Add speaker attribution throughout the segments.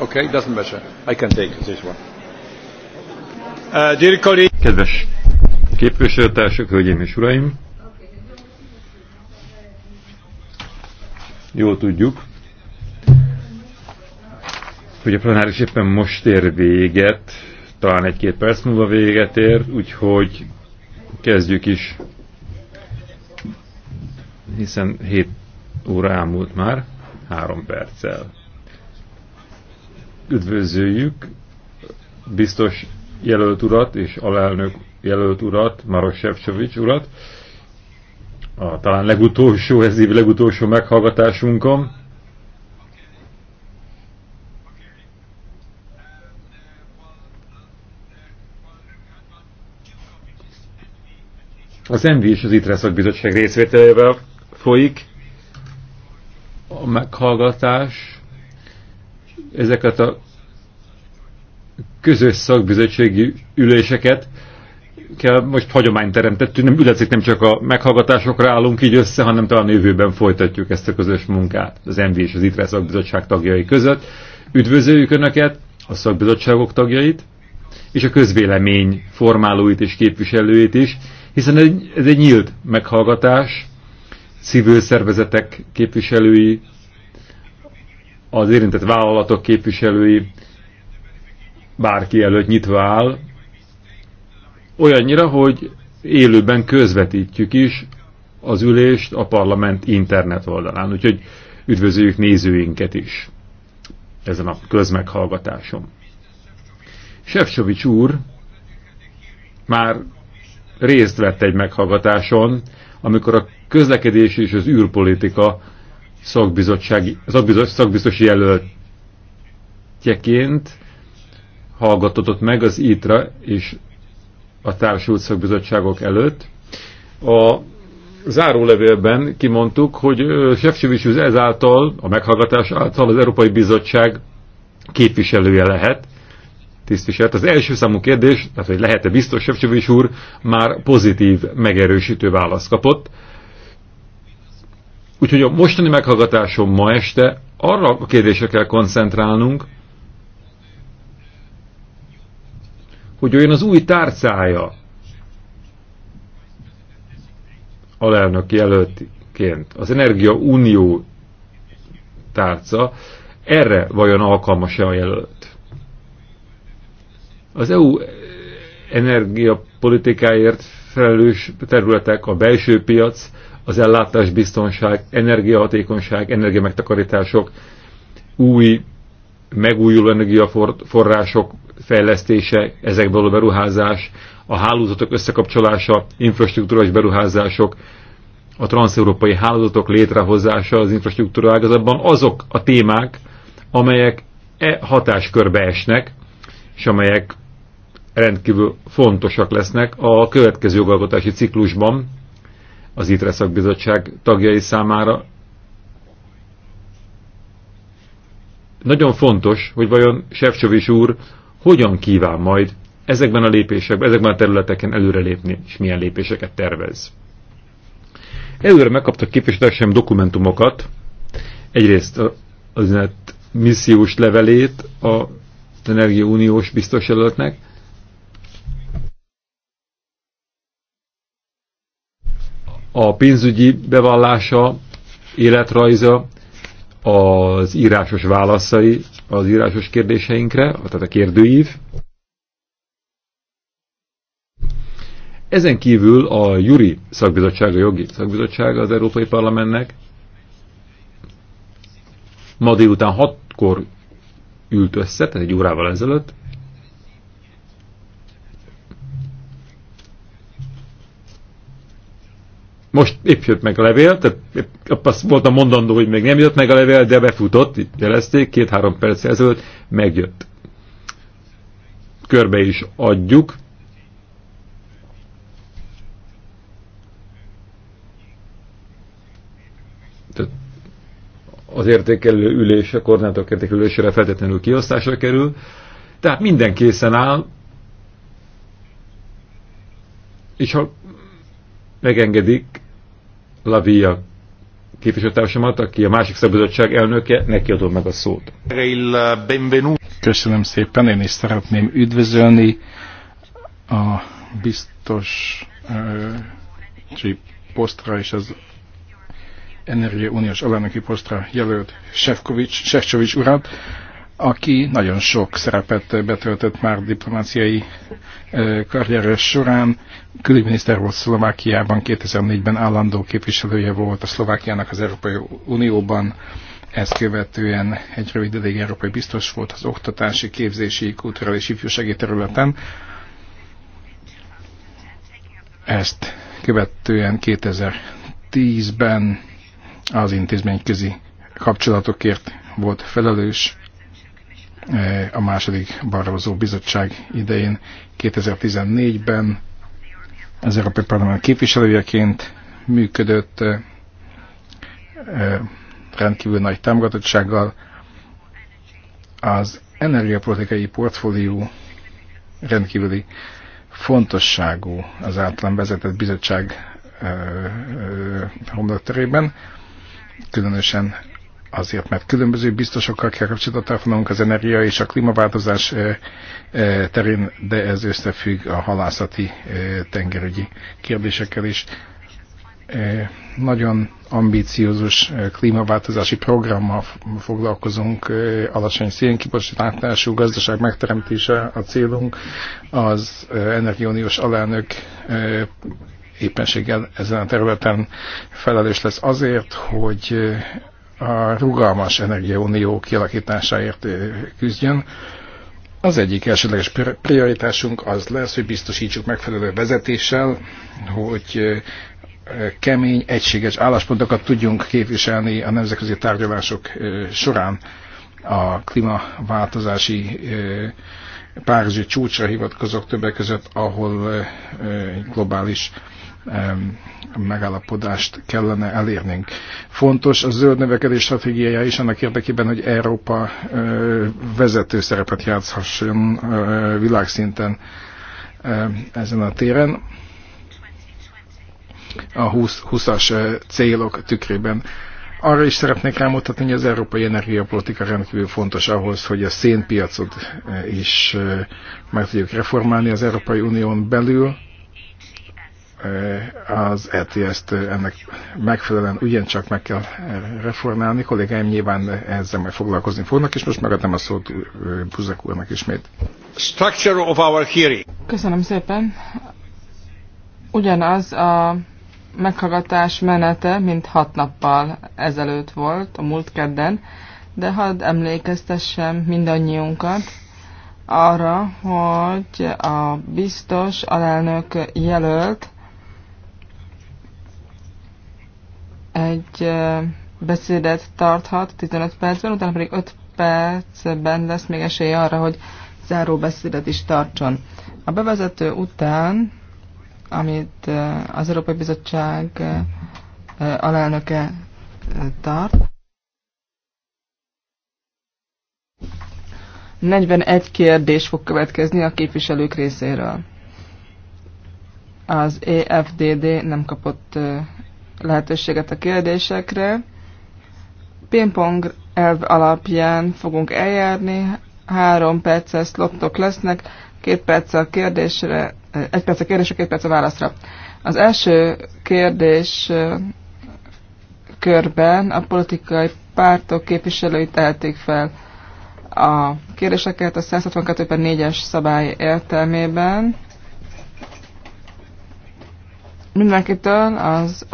Speaker 1: Okay, doesn't matter. I can take this one.
Speaker 2: Uh, dear colleague... Kedves képviselőtársak, hölgyeim és uraim! Jól tudjuk, hogy a plenáris éppen most ér véget, talán egy-két perc múlva véget ér, úgyhogy kezdjük is, hiszen 7 óra elmúlt már, 3 perccel. Üdvözöljük biztos jelölt urat és alelnök jelölt urat, Maros Sefcsovics urat, a talán legutolsó, ez év legutolsó meghallgatásunkon. Az MV és az ITRE szakbizottság részvételével folyik a meghallgatás ezeket a közös szakbizottsági üléseket kell, most hagyományt teremtettünk, nem ületszik, nem csak a meghallgatásokra állunk így össze, hanem talán jövőben folytatjuk ezt a közös munkát az MV és az ITRE szakbizottság tagjai között. Üdvözöljük Önöket, a szakbizottságok tagjait, és a közvélemény formálóit és képviselőit is, hiszen ez egy nyílt meghallgatás, civil szervezetek képviselői, az érintett vállalatok képviselői bárki előtt nyitva áll, olyannyira, hogy élőben közvetítjük is az ülést a parlament internet oldalán, úgyhogy üdvözöljük nézőinket is ezen a közmeghallgatáson. Sefcsovics úr már részt vett egy meghallgatáson, amikor a közlekedés és az űrpolitika szakbizottsági, szakbizos, jelöltjeként hallgatott meg az ITRA és a társult szakbizottságok előtt. A zárólevélben kimondtuk, hogy Sefcsevics ezáltal, a meghallgatás által az Európai Bizottság képviselője lehet, tisztviselt. Az első számú kérdés, tehát hogy lehet-e biztos Sefcsevics úr, már pozitív, megerősítő választ kapott. Úgyhogy a mostani meghallgatásom ma este arra a kérdésre kell koncentrálnunk, hogy olyan az új tárcája alelnök jelöltként, az Energia Unió tárca, erre vajon alkalmas-e a jelölt? Az EU energiapolitikáért felelős területek, a belső piac, az ellátásbiztonság, energiahatékonyság, energiamegtakarítások, új megújuló energiaforrások fejlesztése, ezekből a beruházás, a hálózatok összekapcsolása, infrastruktúrás beruházások, a transzeurópai hálózatok létrehozása az infrastruktúra ágazatban azok a témák, amelyek e hatáskörbe esnek, és amelyek rendkívül fontosak lesznek a következő jogalkotási ciklusban az ITRE szakbizottság tagjai számára. Nagyon fontos, hogy vajon Sefcsovics úr hogyan kíván majd ezekben a lépésekben, ezekben a területeken előrelépni, és milyen lépéseket tervez. Előre megkaptak képviselőtársaim dokumentumokat, egyrészt az missziós levelét a Uniós biztos jelöltnek, a pénzügyi bevallása, életrajza, az írásos válaszai az írásos kérdéseinkre, tehát a kérdőív. Ezen kívül a Juri szakbizottság, a jogi szakbizottság az Európai Parlamentnek ma délután hatkor ült össze, tehát egy órával ezelőtt, Most épp jött meg a levél, tehát épp azt voltam mondandó, hogy még nem jött meg a levél, de befutott, itt jelezték, két-három perc ezelőtt megjött. Körbe is adjuk. Tehát az értékelő ülés, a koordinátok értékelő ülésére feltétlenül kiosztásra kerül. Tehát minden készen áll, és ha megengedik, Lavia képviselőtársamat, aki a másik szabadság elnöke, neki adom meg a szót.
Speaker 1: Köszönöm szépen, én is szeretném üdvözölni a biztos uh, posztra és az Energia Uniós alelnöki posztra jelölt Sefcovics, Sefcovics urat aki nagyon sok szerepet betöltött már diplomáciai karrierje során. Külügyminiszter volt Szlovákiában, 2004-ben állandó képviselője volt a Szlovákiának az Európai Unióban, ezt követően egy rövid ideig európai biztos volt az oktatási, képzési, kulturális ifjúsági területen. Ezt követően 2010-ben az intézményközi kapcsolatokért volt felelős, a második Barroso bizottság idején 2014-ben az Európai Parlament képviselőjeként működött rendkívül nagy támogatottsággal. Az energiapolitikai portfólió rendkívüli fontosságú az általán vezetett bizottság homlokterében, különösen azért, mert különböző biztosokkal kell kapcsolatot telefonunk az energia és a klímaváltozás terén, de ez összefügg a halászati tengerügyi kérdésekkel is. Nagyon ambíciózus klímaváltozási programmal foglalkozunk, alacsony szénkibocsátású gazdaság megteremtése a célunk. Az Energiauniós alelnök éppenséggel ezen a területen felelős lesz azért, hogy a rugalmas energiaunió kialakításáért küzdjön. Az egyik elsődleges prioritásunk az lesz, hogy biztosítsuk megfelelő vezetéssel, hogy kemény, egységes álláspontokat tudjunk képviselni a nemzetközi tárgyalások során a klímaváltozási párizsi csúcsra hivatkozok többek között, ahol globális megállapodást kellene elérnünk. Fontos a zöld növekedés stratégiája is annak érdekében, hogy Európa vezető szerepet játszhasson világszinten ezen a téren. A 20-as célok tükrében arra is szeretnék rámutatni, hogy az európai energiapolitika rendkívül fontos ahhoz, hogy a szénpiacot is meg tudjuk reformálni az Európai Unión belül az ETS-t ennek megfelelően ugyancsak meg kell eh, reformálni. Kollégáim nyilván ezzel majd foglalkozni fognak, és most megadom a szót eh, Buzek úrnak ismét. Structure of our hearing.
Speaker 3: Köszönöm szépen. Ugyanaz a meghallgatás menete, mint hat nappal ezelőtt volt, a múlt kedden, de hadd emlékeztessem mindannyiunkat, arra, hogy a biztos alelnök jelölt egy beszédet tarthat 15 percben, utána pedig 5 percben lesz még esély arra, hogy záró beszédet is tartson. A bevezető után, amit az Európai Bizottság alelnöke tart, 41 kérdés fog következni a képviselők részéről. Az EFDD nem kapott lehetőséget a kérdésekre. Pingpong elv alapján fogunk eljárni, három perces szloptok lesznek, két perc a kérdésre, egy perc a kérdésre, két perc a válaszra. Az első kérdés körben a politikai pártok képviselői tehetik fel a kérdéseket a 162 es szabály értelmében mindenkitől, az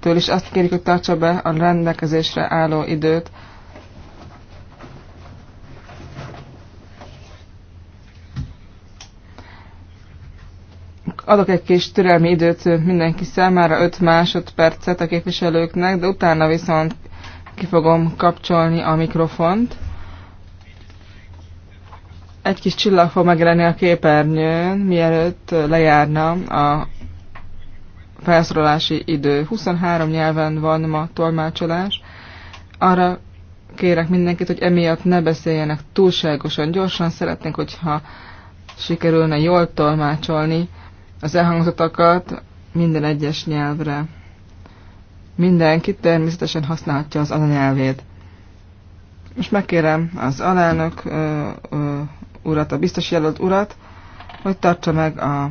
Speaker 3: től is azt kérik, hogy tartsa be a rendelkezésre álló időt. Adok egy kis türelmi időt mindenki számára, 5 másodpercet a képviselőknek, de utána viszont ki fogom kapcsolni a mikrofont. Egy kis csillag fog megjelenni a képernyőn, mielőtt lejárna a felszorolási idő. 23 nyelven van ma tolmácsolás. Arra kérek mindenkit, hogy emiatt ne beszéljenek túlságosan gyorsan. Szeretnénk, hogyha sikerülne jól tolmácsolni az elhangzottakat minden egyes nyelvre. Mindenki természetesen használhatja az anyanyelvét. Most megkérem az alelnök ö, ö, urat, a biztos jelölt urat, hogy tartsa meg a